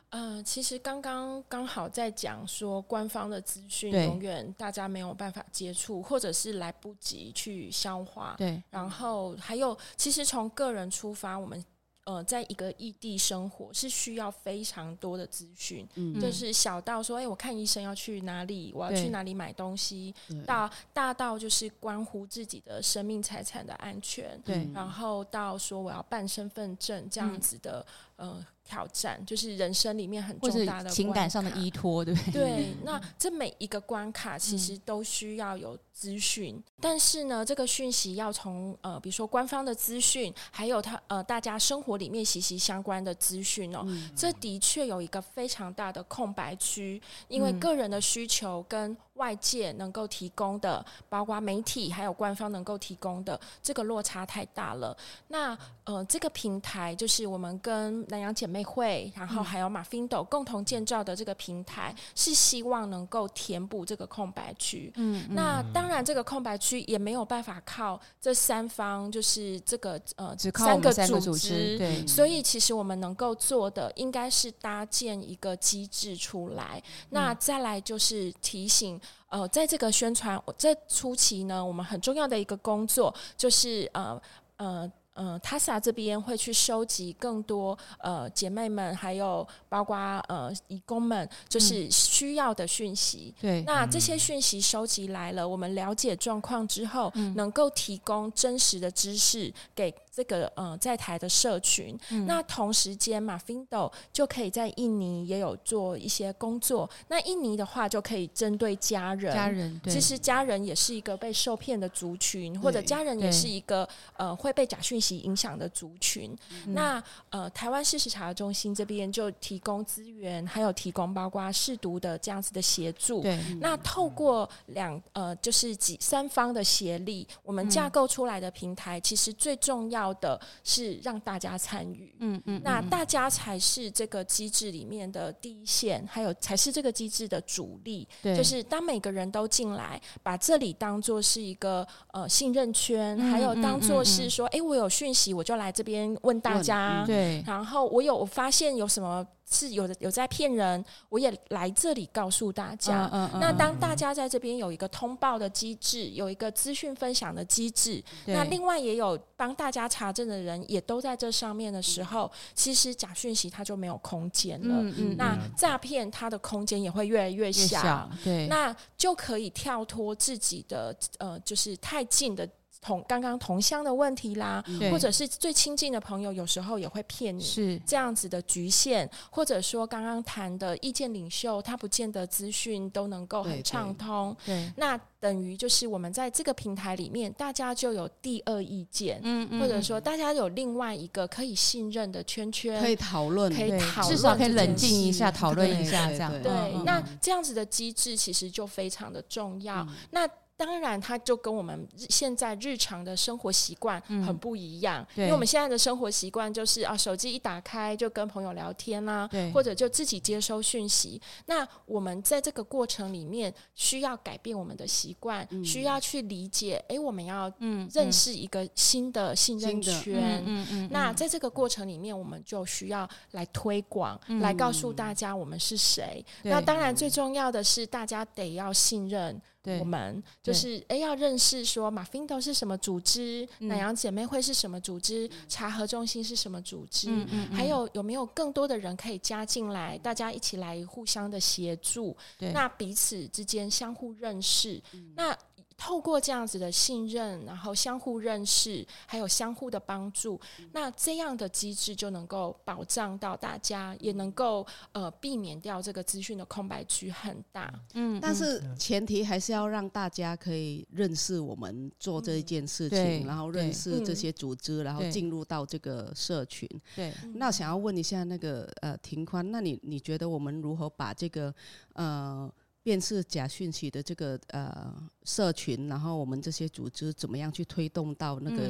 D: 嗯、呃，其實剛剛剛好在講說，官方的資訊永遠大家沒有辦法接觸，對或者是來不及去消化。對，然後還有，其實從個人出發，我們。呃，在一個異地生活是需要非常多的資訊，嗯、就是小到說，哎、欸，我看醫生要去哪裡，我要去哪裡買東西，對到大到就是關乎自己的生命財產的安全，對，然後到說我要辦身份證這樣子的，嗯、呃……挑戰就是人生裡面很重大的情感上
A: 的依託，對不對？對，
D: 那這每一個關卡其實都需要有資訊，嗯、但是呢，這個訊息要從呃，比如說官方的資訊，還有他呃，大家生活裡面息息相關的資訊哦，嗯、這的確有一個非常大的空白區，因為個人的需求跟外界能夠提供的，包括媒體還有官方能夠提供的，這個落差太大了。那呃，這個平台就是我們跟南洋姐妹會，然後還有 MAFINDO 共同建造的這個平台，嗯、是希望能夠填補這個空白區。嗯那嗯當然，這個空白區也沒有辦法靠這三方，就是這個呃，只靠我們三個組織。組織對。所以，其實我們能夠做的，應該是搭建一個機制出來。嗯、那再來就是提醒。哦、呃，在這個宣傳，我在初期呢，我們很重要的一個工作就是，呃，呃，呃 TASAT 這邊會去收集更多，呃，姐妹們還有包括呃，義工們就是需要的訊息。對、嗯，那這些訊息收集來了，我們了解狀況之後，嗯、能夠提供真實的知識給。這個嗯、呃，在台的社群，嗯、那同時間嘛 MAFINDO 就可以在印尼也有做一些工作。那印尼的話，就可以針對家人，家人對其實家人也是一個被受騙的族群，對或者家人也是一個對呃會被假訊息影響的族群。嗯、那呃，台灣事實查核中心這邊就提供資源，還有提供包括識讀的這樣子的協助。對，那透過兩、嗯、呃，就是幾三方的協力，我們架構出來的平台，嗯、其實最重要。的是讓大家參與，
C: 嗯嗯，那大
D: 家才是這個機制裡面的第一線，還有才是這個機制的主力。對，就是當每個人都進來，把這裡當做是一個呃信任圈，嗯嗯嗯嗯嗯、還有當做是說，哎、欸，我有訊息，我就來這邊問大家。嗯嗯、對，然後我有發現有什麼。是有的，有在騙人，我也來這裡告訴大家。嗯，那當大家在這邊有一個通報的機制，有一個資訊分享的機制，對，那另外也有幫大家查證的人，也都在這上面的時候，對，嗯，其實假訊息它就沒有空間了。那詐騙它的空間也會越來越小。越小，對，那就可以跳脫自己的呃，就是太近的。同剛剛同鄉的問題啦，或者是最親近的朋友，有時候也會騙你，是這樣子的局限，或者說剛剛談的意見領袖，他不見得資訊都能夠很暢通。對，那等於就是我們在這個平台裡面，大家就有第二意見，嗯，或者說大家有另外一個可以信任的圈圈，可以討論，可以討論，至少可以冷靜一
A: 下，討論一下這樣。對，那
D: 這樣子的機制其實就非常的重要。那當然，它就跟我們現在日常的生活習慣很不一樣。嗯、對、因為我們現在的生活習慣就是啊，手機一打開就跟朋友聊天啦、啊，對或者就自己接收訊息。那我們在這個過程裡面需要改變我們的習慣，嗯、需要去理解。哎，我們要認識一個新的信任圈。那在這個過程裡面，我們就需要來推廣，嗯、來告訴大家我們是誰。嗯、那當然，最重要的是大家得要信任。對嗯對我們就是對誒要認識說 MAFINDO 是什麼組織，南洋、嗯、姐妹會是什麼組織，查核中心是什麼組織，嗯嗯嗯、還有有沒有更多的人可以加進來，大家一起來互相的協助，對那彼此之間相互認識，嗯、那。透過這樣子的信任，然後相互認識，還有相互的幫助，那這樣的機制就能夠保障到大家，也能夠呃避免掉這個資訊的空白區很大。嗯，嗯，但是
B: 前提還是要讓大家可以認識我們做這一件事情，嗯、然後認識這些組織，嗯、然後進入到這個社群。對，嗯、那想要問一下那個呃，庭寬，那你你覺得我們如何把這個呃？便是假訊息的這個呃社群，然後我們這些組織怎麼樣去推動到那個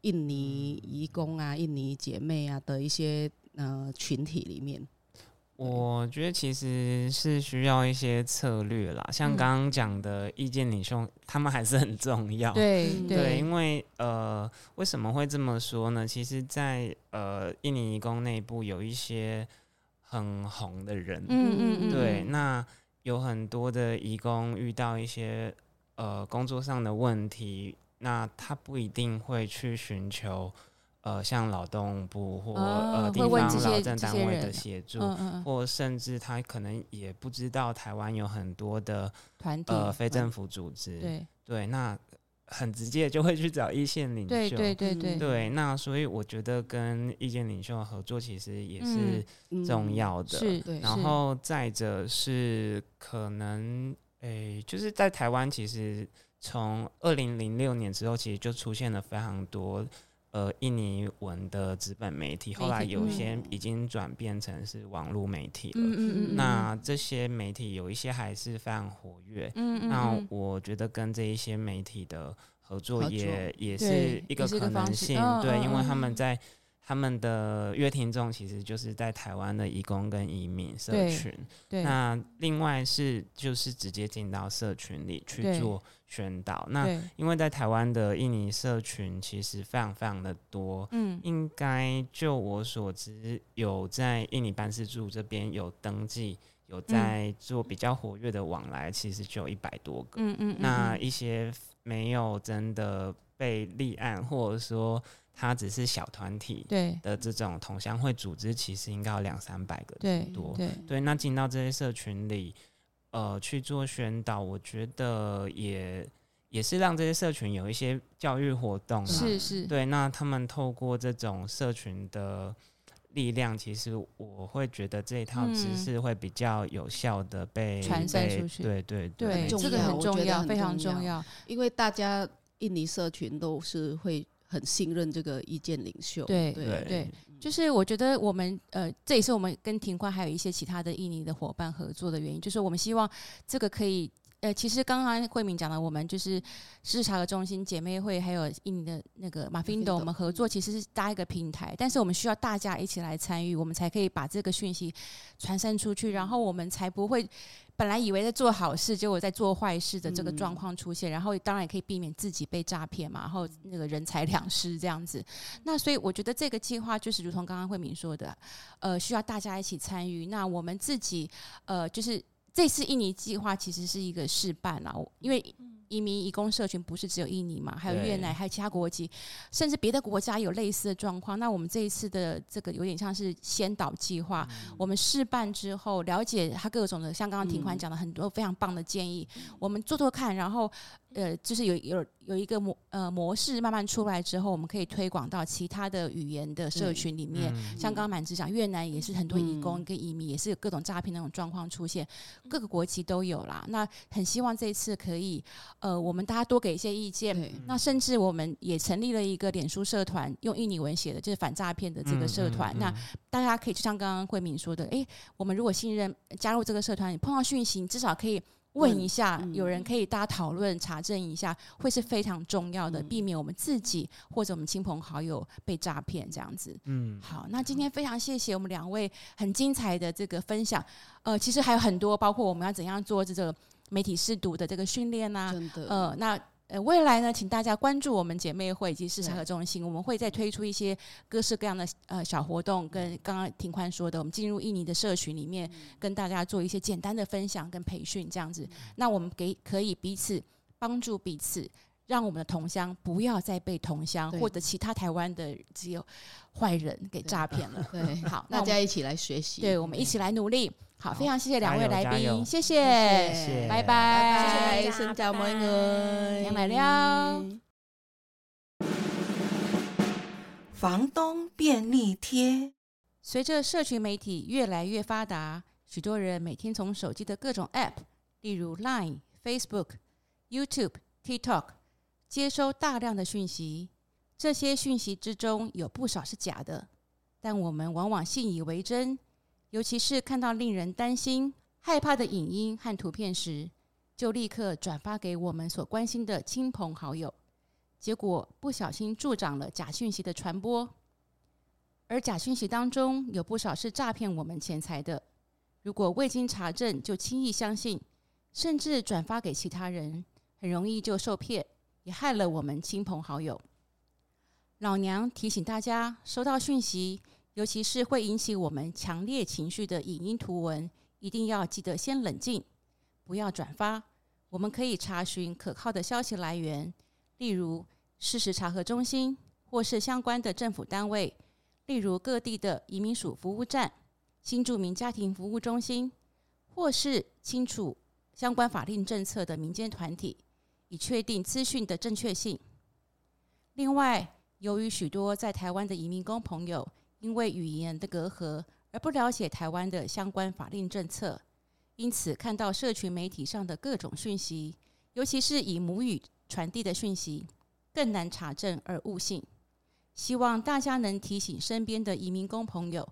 B: 印尼移工啊、嗯、印尼姐妹啊的一些呃群體裡面？
E: 我覺得其實是需要一些策略啦，像剛剛講的意見領袖，嗯、他們還是很重要。對對，對，因為呃，為什麼會這麼說呢？其實在，在呃印尼移工內部有一些很紅的人，嗯，嗯嗯嗯，對，那。有很多的移工遇到一些呃工作上的問題，那他不一定會去尋求呃像勞動部或、哦、呃地方勞政單位的協助，嗯嗯、或甚至他可能也不知道台灣有很多的團體、呃非政府組織。對對，那。很直接就會去找一線領袖，對對對，對，對，那所以我覺得跟意見領袖合作其實也是重要的。嗯嗯、然後再者是可能誒、欸，就是在台灣，其實從二零零六年之後，其實就出現了非常多。呃，印尼文的紙本媒體，後來有些已經轉變成是網絡媒體了。嗯嗯嗯嗯，那這些媒體有一些還是非常活躍。嗯嗯嗯，那我覺得跟這一些媒體的合作也久也是一個可能性，對，哦、對，因為他們在。他們的閱聽眾其實就是在台灣的移工跟移民社群。對。對，那另外是就是直接進到社群裡去做宣導。那因為在台灣的印尼社群其實非常非常的多。嗯。應該就我所知，有在印尼辦事處這邊有登記，有在做比較活躍的往來，其實就有一百多個。嗯嗯。嗯嗯那一些沒有真的被立案，或者說。他只是小團體的這種同鄉會組織，其實應該有兩三百個之多。對。對對。那進到這些社群裡，呃，去做宣導，我覺得也也是讓這些社群有一些教育活動嘛，是。是是。對，那他們透過這種社群的力量，其實我會覺得這一套知識會比較有效的被傳散、嗯、被出去。對對對，這個很重
A: 要，重要非常重要。
B: 因為大家印尼社群都是會。很信任這個意見領袖。對
A: 對對，就是我覺得我們呃，這也是我們跟庭寬還有一些其他的印尼的伙伴合作的原因，就是我們希望這個可以呃，其實剛剛慧敏講了，我們就是查核的中心姐妹會還有印尼的那個 MAFINDO，我們合作其實是搭一個平台，但是我們需要大家一起來參與，我們才可以把這個訊息傳散出去，然後我們才不會。本來以為在做好事，結果在做壞事的這個狀況出現，嗯、然後當然也可以避免自己被詐騙嘛，然後那個人財兩失這樣子。那所以我覺得這個計劃就是如同剛剛慧敏說的，呃，需要大家一起參與。那我們自己，呃，就是這次印尼計劃其實是一個示範了、啊，因為。移民移工社群不是只有印尼嘛？還有越南，還有其他國籍，對甚至別的國家有類似的狀況。那我們這一次的這個有點像是先導計劃，嗯、我們試辦之後了解他各種的，像剛剛庭寬講的很多非常棒的建議，嗯、我們做做看，然後。呃，就是有有有一個模呃模式慢慢出來之後，我們可以推廣到其他的語言的社群裡面。嗯嗯、像剛剛滿子講，越南也是很多移工跟移民也是各種詐騙的那種狀況出現，嗯、各個國籍都有啦。那很希望這一次可以，呃，我們大家多給一些意見。嗯、那甚至我們也成立了一個臉書社團，用印尼文寫的，就是反詐騙的這個社團。嗯、那大家可以就像剛剛慧敏說的，哎，我們如果信任加入這個社團，你碰到訊息你至少可以。問一下，嗯、有人可以大家討論查證一下，會是非常重要的，嗯、避免我們自己或者我們親朋好友被詐騙這樣子。嗯，好，那今天非常謝謝我們兩位很精彩的這個分享。呃，其實還有很多，包括我們要怎樣做這個媒體識讀的這個訓練啊，真的，呃，那。呃，未來呢，請大家關注我們姐妹會以及查核中心，對我們會再推出一些各式各樣的呃小活動。跟剛剛庭寬說的，我們進入印尼的社群裡面，嗯、跟大家做一些簡單的分享跟培訓，這樣子。嗯、那我們給可以彼此幫助彼此，讓我們的同鄉不要再被同鄉對或者其他台灣的只有壞人給詐騙了。對，對 好，我們大家一起來學習，對我們一起來努力。嗯好，非常謝謝兩位來賓，謝謝，謝謝拜拜，謝謝大家，生腳莫應個，兩百六。房東便利貼。隨着社群媒體越來越發達，許多人每天從手機的各種 App，例如 Line、Facebook、YouTube、TikTok，接收大量的訊息。這些訊息之中有不少是假的，但我們往往信以為真。尤其是看到令人擔心、害怕的影音和圖片時，就立刻轉發給我們所關心的親朋好友，結果不小心助長了假訊息的傳播。而假訊息當中有不少是詐騙我們錢財的，如果未經查證就輕易相信，甚至轉發給其他人，很容易就受騙，也害了我們親朋好友。老娘提醒大家，收到訊息，尤其是會引起我們強烈情緒的影音圖文，一定要記得先冷靜，不要轉發。我們可以查詢可靠的消息來源，例如事實查核中心，或是相關的政府單位，例如各地的移民署服務站、新住民家庭服務中心，或是清楚相關法令政策的民間團體，以確定資訊的正確性。另外，由於許多在台灣的移民工朋友，因為語言的隔閡，而不了解台灣的相關法令政策，因此看到社群媒體上的各種訊息，尤其是以母語傳遞的訊息，更難查證而誤信。希望大家能提醒身邊的移民工朋友，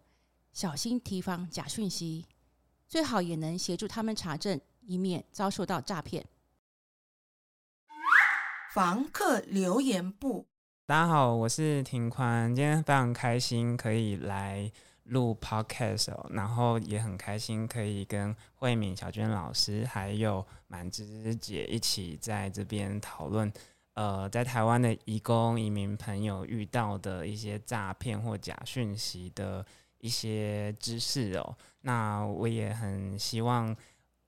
A: 小心提防假訊息，最好也能協助他們查證，以免遭受到詐騙。房客留言簿。
E: 大家好，我是庭寬，今天非常開心可以來錄 podcast，哦，然後也很開心可以跟慧敏、小娟老師還有滿芝姐一起在這邊討論，呃，在台灣的移工、移民朋友遇到的一些詐騙或假訊息的一些知識哦。那我也很希望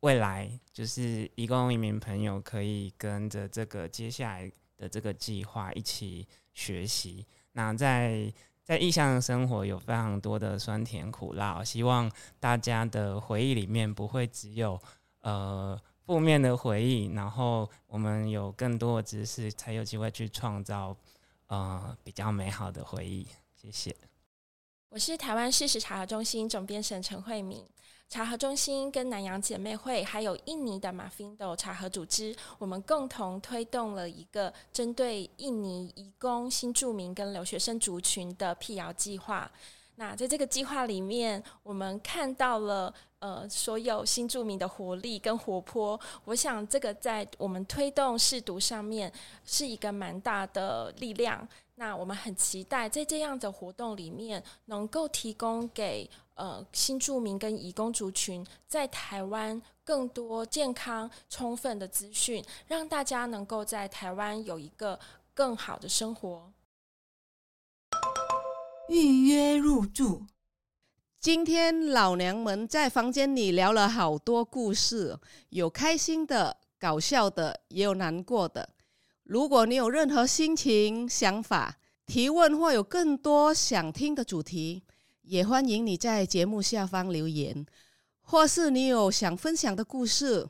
E: 未來就是移工、移民朋友可以跟着這個接下來的這個計劃一起。學習，那在在異鄉生活有非常多的酸甜苦辣哦，希望大家的回憶裡面不會只有呃負面的回憶，然後我們有更多的知識，才有機會去創造呃比較美好的回憶。謝謝，
D: 我是台灣事實查核中心總編審陳慧敏。查核中心跟南洋姐妹會，還有印尼的 MAFINDO 查核組織，我們共同推動了一個針對印尼移工、新住民跟留學生族群的闢謠計劃。那在這個計劃裡面，我們看到了呃所有新住民的活力跟活潑。我想這個在我們推動識讀上面是一個蠻大的力量。那我們很期待在這樣的活動裡面，能夠提供給。呃，新住民跟移工族群在台灣更多健康充分的資訊，讓大家能夠在台灣有一個更好的生活。預約入住。今天老娘們在房間裡
B: 聊了好多故事，有開心的、搞笑的，也有難過的。如果你有任何心情、想法、提問，或有更多想聽的主題，也歡迎你在節目下方留言，或是你有想分享的故事、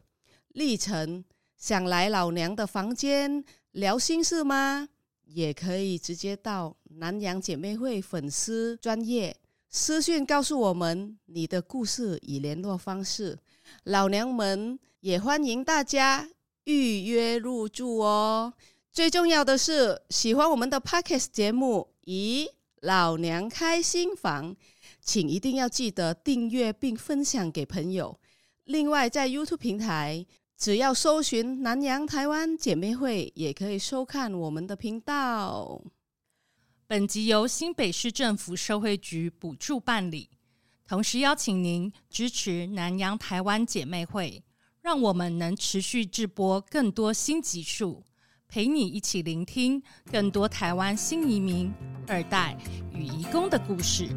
B: 歷程，想來老娘的房間聊心事嗎？也可以直接到南洋姐妹會粉絲專業私訊告訴我們你的故事與聯絡方式。老娘們也歡迎大家預約入住哦。最重要的是，喜歡我們的 Podcast 節目，咦？老娘開新房，請一定要記得訂閱並分享給朋友。另外，在 YouTube 平台，只要搜尋“南洋台灣姐妹會”，也可以收看我們的頻道。本集由新北市
A: 政府社會局補助辦理，同時邀請您支持南洋台灣姐妹會，讓我們能持續製播更多新集數。陪你一起聆聽更多台灣新移民二代與移工的故事。